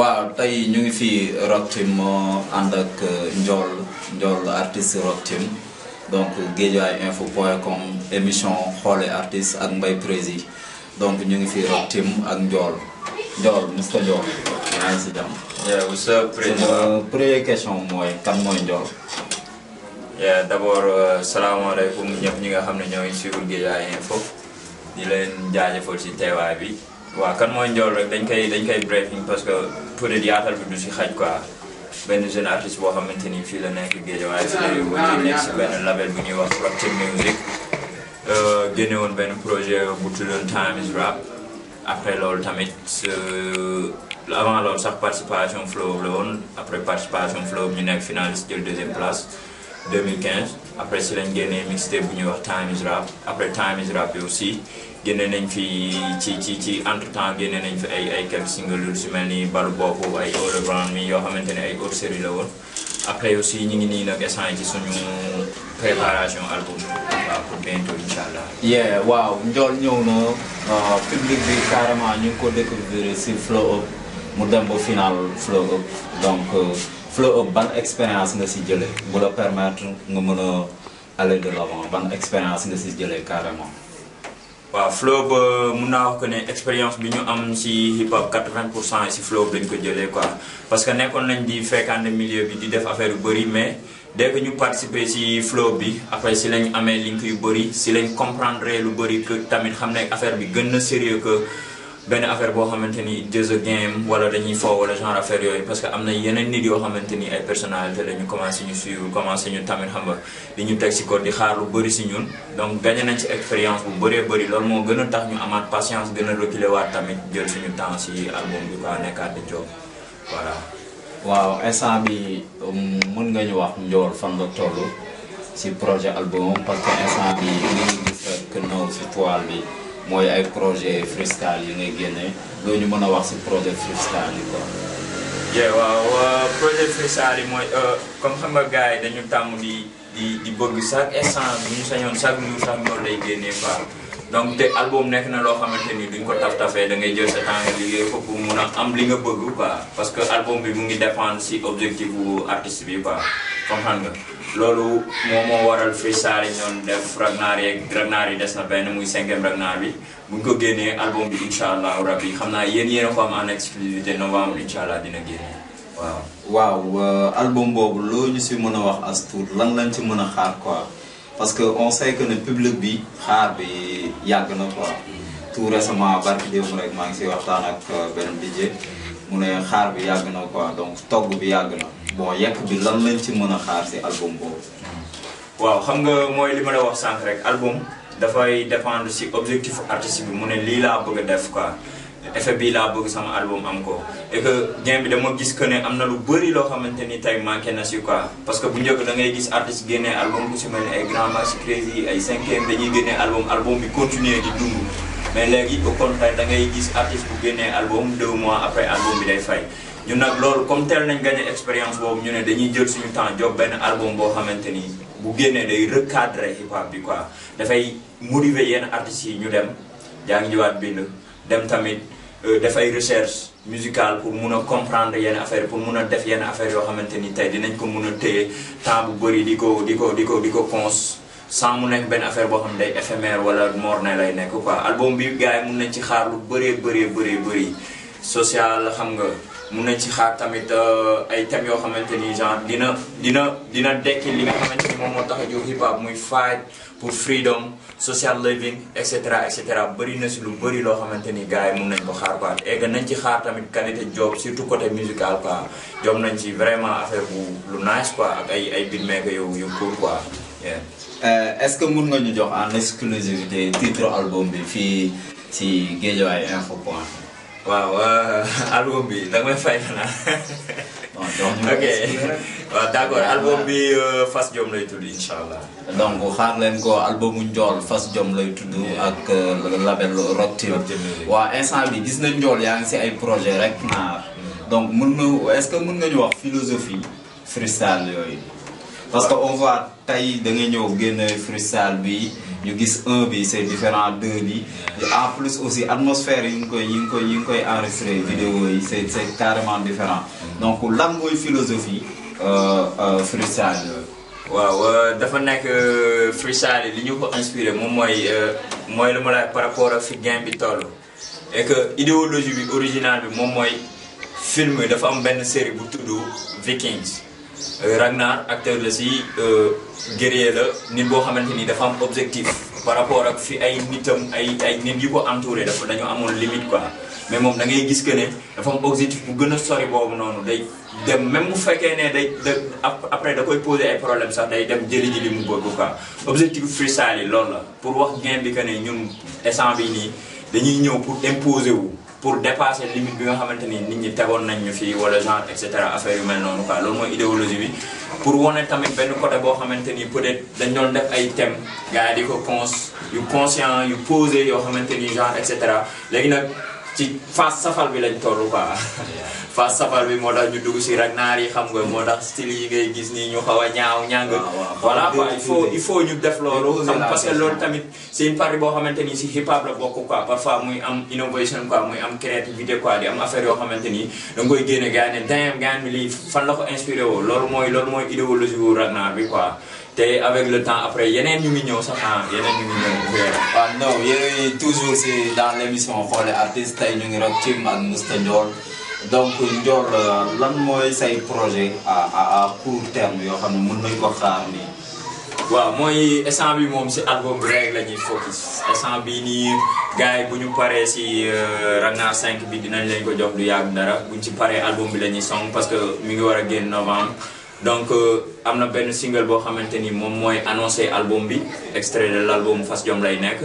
waaw tey ñu ngi fi Rock Team moo ànd ak euh, Ndiol Ndiol artiste Rock Team donc Guédiawaye info point com émission xoole artiste ak Mbaye Prési donc ñu ngi fi Rock Team ak Ndiol Ndiol Mr Ndiol maa ngi si jàmm. yeah what's up Prési sama euh, première question mooy kan mooy Ndiol. yeah d' abord euh, salaamaaleykum ñëpp ñi nga xam ne ñoo ngi suivre Guédiawaye info di leen jaajëfal si teewaay bi. waaw kan mooy njool rek dañ koy dañ koy briefing parce que peut être yaatal bi du si xaj quoi benn jeune artiste boo xamante ni fii la nekk Guédiawaye si la yóbbu di nekk label bu ñuy wax Fracture Music euh, génne woon benn projet bu tuddoon Time is Rap après loolu tamit euh, avant loolu sax participation flow la woon après participation flow ñu nekk finaliste jël deuxième place 2015 après si lañ génnee mixtape bu ñuy wax Time is Rap après Time is Rap bi aussi génne nañ fi ci ci ci entre temps génne nañ fi ay ay quelques singles yu si mel ni balu bopp ay All Around Me yoo xamante ne ay haute série la woon après aussi ñu ngi nii nag échange ci suñu préparation album waaw pour bientôt incha allah. yeah waaw njool ñëw na ah, public bi carrément ñu ngi ko découvrir si Flow Up mu dem ba final Flow Up donc euh, Flow Up ban expérience nga si jëlee bu la permettre nga mën a aller de l'avant ban expérience nga si jëlee carrément. waaw flow ba mun naa wax que ne expérience bi ñu am si hip hop 80 pour cent si flow lañ ko jëlee quoi parce que nekkoon nañ di fréquenter milieu bi di def affaire yu bëri mais dès que ñu participer si flow bi après si lañ amee link yu bëri si lañ comprendre lu bëri que tamit xam ne affaire bi gën na sérieux ko benn affaire boo xamante ni just a game wala dañuy fo wala genre affaire yooyu parce que am na yeneen nit yoo xamante ni ay personnalité la ñu ñu suivre commencé ñu tamit xam nga di ñu teg si ko di xaar lu bari si ñun donc gagné nañ ci expérience bu bëree bëri loolu moo gën a tax ñu amaat patience gën a reculer waat tamit jël suñu temps si album bi quoi nekkaat di job voilà. waaw instant bi um, mën nga ñu wax Ndiol fan nga toll si projet album parce que instant si toile bi. Moyai ay projet freestyle yi ngay génne loo ñu mën wax si projet freestyle yi quoi. yeah waaw projet freestyle yi mooy euh, comme xam nga gars dañu di di di bëgg chaque instant ñu sañoon chaque jour chaque lay donc album nekk na loo xamante duñ ko taf tafee da ngay jël sa temps nga ko am li nga bëgg quoi parce que album bi mu ngi dépendre si objectif bu artiste bi quoi comprendre nga loolu moo moo waral freestyle yi ñoon def ragnaar yeeg ragnaar yi des na benn muy cinquième ragnaar bi buñ ko génnee album bi insha allahu rabbi xam naa yéen yéen a ko am en exclusivité novembre insha allah dina génne waaw waaw euh, album boobu loo ñu si mën a wax as tuut lan lañ ci mën a xaar quoi parce que on sait que ne public bi xaar bi yàgg na quoi mm. tout récemment barki démb rek maa ngi si waxtaan ak euh, benn DJ mu ne xaar bi yàgg na quoi donc togg bi yàgg na bon yàpp bi lan lañ ci mën a xaar si album boobu. waaw xam nga mooy li ma la wax sànq rek album dafay dépendre si objectif artiste bi mu ne lii laa bëgg a def quoi. effet bii laa bëgg sama album am ko et que gain bi dama gis que ne am na lu bëri loo xamante ni tey manqué na si quoi parce que bu njëkk da ngay gis artiste génnee album ku si mel ni ay Grand Max Crazy ay cinquième dañuy génnee album album bi continuer di dund. mais léegi au contraire da ngay gis artiste bu génnee album deux mois après album bi day fay ñun nag loolu comme teel nañ gagné expérience boobu ñu ne dañuy jël suñu temps job benn album boo xamante ni bu génnee day recadrer hip hop bi quoi dafay motiver yenn artistes yi ñu dem jaa ngi jiwaat bind dem tamit euh, dafay recherche musicale pour mun a comprendre yenn affaire pour mun a def yenn affaire yoo xamante ni tey dinañ ko mun a téye temps bu bëri di ko di ko di ko di ko cons sans mu nekk benn affaire boo xam ne day éphémère wala morne lay nekk quoi album bi gars yi mun nañ ci xaar lu bëree bëree bëree bëri social xam nga. mun nañ ci xaar tamit euh, ay thèmes yoo xamante ni genre dina dina dina dekki li nga xamante ni moom moo tax a jóg hip hop muy fight pour freedom social living et cetera et cetera bëri na si lu bëri loo xamante ni gars yi mun nañ ko xaar quoi et nañ ci xaar tamit qualité job surtout côté musical quoi job nañ ci vraiment affaire bu lu nice quoi ak ay ay beatmaker yow yu cool quoi. Euh, est-ce que mun nga ñu jox en exclusivité titre album bi fii ci Guédiawaye info point. Wow, uh, album B, da come fai a Ok, d'accord, album B fas jom lay do inshallah. Eh, Donc xaar leen ko album Ndiol first jom lay tudd iya. ak eh, label Rotti. Wa instant eh, bi gis nañ Ndiol yaa ngi ci ay projet rek na. Hmm. Donc mën na est-ce que mën nga ñu wax philosophie freestyle yooyu? Parce que on voit tay da nga ñëw freestyle bi. ñu gis un bi c' est différent deux bi en plus aussi atmosphère yi ngi koy ñu ngi koy yi ngi koy enregistré vidéo yi c' est c' est carrément différent donc lan mooy philosophie euh, euh, freestyle waaw euh, dafa nekk freestyle li ñu ko inspiré moom mooy mooy lu ma la par rapport ak fi gain bi toll et que idéologie bi originale bi moom mooy film dafa am benn série bu tudd Vikings Euh, Ragnar acteur la si euh, guerrier la nit boo xamante ni dafa am objectif par rapport ak fi ay nitam ay ay nit yu ko entouré dafa dañu amoon limite quoi mais moom da ngay gis que ne dafa am objectif bu gën a sori boobu noonu day dem même bu fekkee ne day da après da koy poser ay problème sax day dem jëli ji li mu bëgg quoi objectif freestyle yi loolu la pour wax gain bi que ne ñun instant bi nii dañuy ñëw pour imposer wu pour dépasser limite bi nga xamante ni nit ñi tegoon nañ ñu fii wala genre et cetera affaire yu mel noonu quoi loolu mooy idéologie bi pour wane tamit benn côté boo xamante ni peut-être dañ doon def ay thèmes gars di ko cons yu conscient yu posé yoo xamante ni genre et cetera léegi nag. ci phase safal bi lañ toll quoi phase safal bi moo tax ñu dugg si rek naar yi xam nga moo tax style yi ngay gis nii ñu xaw a ñaaw ñàng voilà quoi il faut il faut ñu def loolu xam parce que loolu tamit c'est une boo xamante ni si hip hop la bokk quoi parfois muy am innovation quoi muy am créativité quoi di am affaire yoo xamante ni da nga koy génne gars ne dayam gaan mi lii fan la ko inspiré woo loolu mooy loolu mooy idéologie wu ragnaar bi quoi te avec le temps après yeneen ñu ngi ñëw sax ah yeneen ñu ngi ñëw. waaw non yéen a toujours si dans l' émission xoole artiste tey ñu ngi rock team ak Mr Ndiol donc Ndiol euh, lan mooy say projet à à court terme yoo xam ne mën nañu ko xaar nii. waaw mooy instant album rek la ñuy focus instant bii nii gars yi bu ñu paree si euh, Ragnar 5 bi dinañ leen ko jox du yàgg dara buñ album bi la song parce que mi ngi war novembre. donc euh, am na benn single boo xamante ni moom mooy annoncé album bi extrait de l' album Fass Jom lay nekk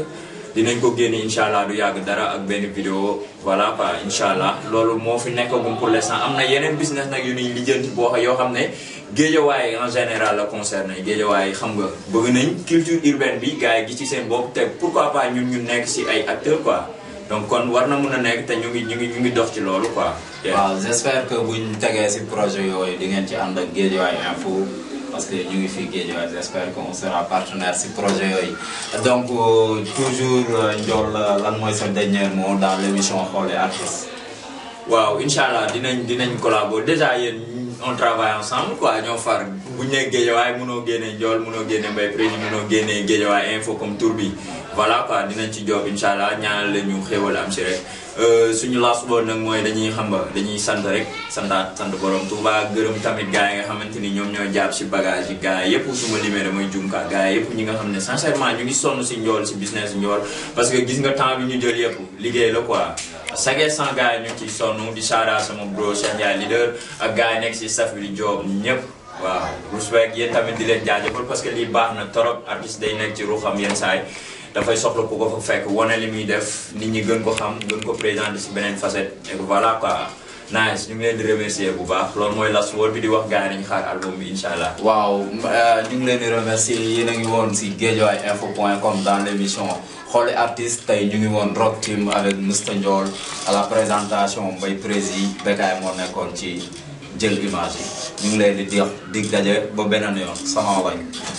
dinañ ko génne incha allah du yàgg dara ak benn vidéo voilà quoi incha allah loolu moo fi nekkagum pour l'instant am na yeneen business nag yu ñuy lijjanti boo yoo xam ne géejawaay en général la concerné waaye xam nga bëgg nañ culture urbaine bi gars yi gi ci seen bopp te pourquoi pas ñun ñu nekk si ay acteurs quoi donc kon war na mun a nekk te ñu ngi ñu ngi ñu ngi dox ci loolu quoi. waaw j'espère espère que buñ tegee si projet yooyu di ngeen ci ànd ak info parce que ñu ngi fii j'espère qu'on sera partenaire ce projet donc euh, toujours euh, Ndiol euh, lan mois dernier mot dans l'émission émission Xool et Artistes. waaw incha allah dinañ collaborer déjà on travaille ensemble quoi ñoo far bu ñu nee Guédiawaye mënoo génnee Ndiol mënoo Mbaye Président mënoo génnee info comme Tourbi. voilà quoi dinañ ci job incha allah la ñu xéwal am euh, suñu laas boobu nag mooy dañuy xam ba dañuy sant rek santaat sant borom Touba gërëm tamit gars nga xamante ni ñoom ñoo jàpp si bagage yi gars yëpp su ma limee damay jumka gars ñi nga xam ne sincèrement ñu ngi sonn si njool si business njool parce que gis nga temps bi ñu jël yëpp liggéey la quoi sagee sans gars yi ñu ciy sonn di saara sama bro Cheikh Ndiaye leader ak gars yi nekk si staff bi di job ñëpp waaw respect yéen tamit di leen jaajëfal parce que lii baax na trop artiste day nekk ci ruuxam yenn yi dafay soxla ku ko fa fekk wane li muy def nit ñi gën ko xam gën ko présenter si beneen facette et voilà quoi nice ñu ngi leen di remercier bu baax loolu mooy Last Word bi di wax gars yi nañu xaar album bi incha allah. waaw euh, ñu ngi leen di remercier yéen a ngi woon si Guédiawaye info point com dans l' émission xooli artiste tey ñu ngi woon Rock Team avec Mr Ndiol la présentation Mbaye Prési Bekay moo nekkoon ci jël image yi ñu ngi leen di di dig daje ba beneen yoon sama wañ